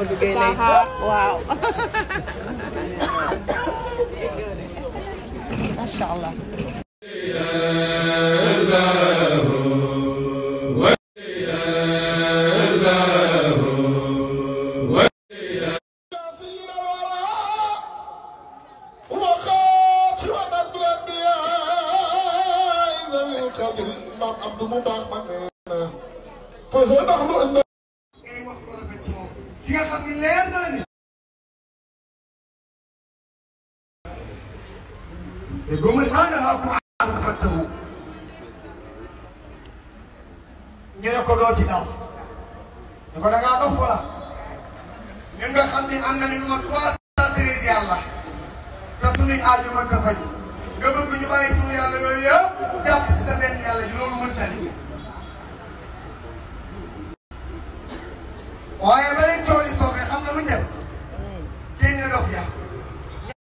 góor gi gay lay waaw macha allah Maam Abdou mu baax ma nee na nga xam ne leer na la ni te ko an xat sawu ko doo ci dal ñu nga xam ne am na ñu ma trois cent treize yàlla te suñuy aaju mën ta nga bëgg ñu bàyyi suñu yàlla yooyu yëpp jàpp ci sa benn yàlla ji loolu mënta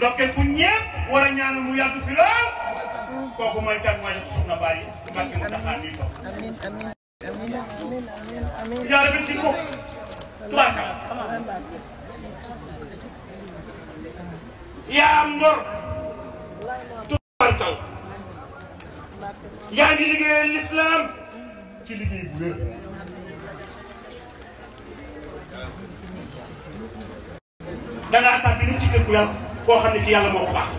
ndokke ku ñepp war ñaan mu yàgg fi lool kooku mooy kan waajal soxna bari barke mu taxaa nii ko yàlla bi ci ko tubaaka yaa Ya, yang ngi liggéeyal lislaam ci liggéey bu wér dangaa tàbbi nit ci kër ku yàlla koo xam ne ki yàlla moo ko baax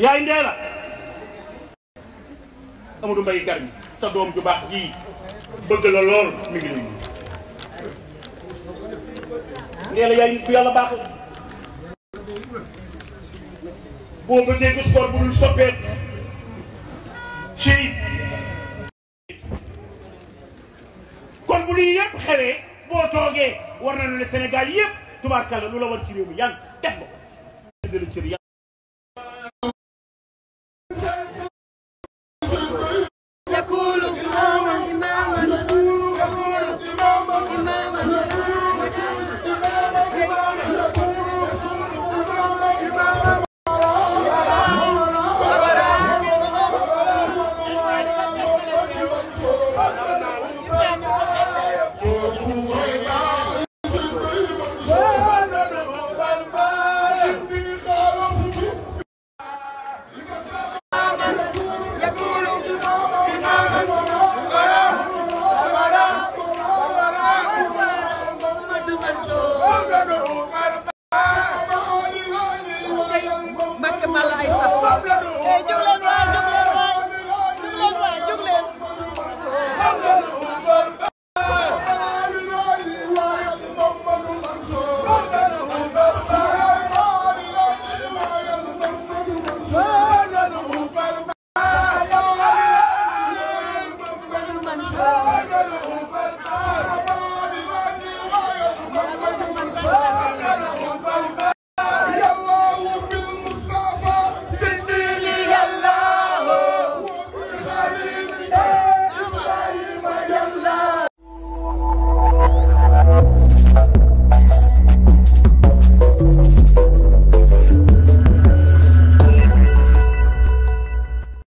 yaay ndee Amadou Mbaye Garmi sa doom ju baax jii bëgg la lool mi ngi lay yaay ku yàlla baaxul boobu ba dégg score bu dul soppeet Chérif kon bu luy yëpp xewee boo toogee war nañu ne Sénégal yëpp tubaarkàlla lu la war ci réew mi yàlla def nga ko.